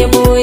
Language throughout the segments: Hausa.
ya boye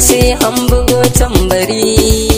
sai an bugo tambari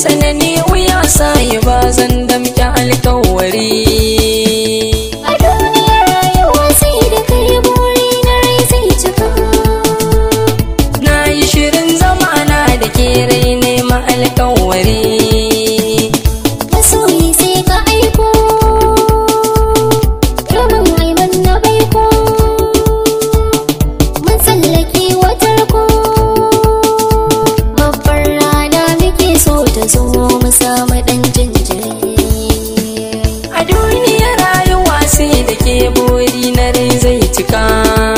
sanani wuya sa dan jinjiri a duniya rayuwa sai da ke buri na rai zai cika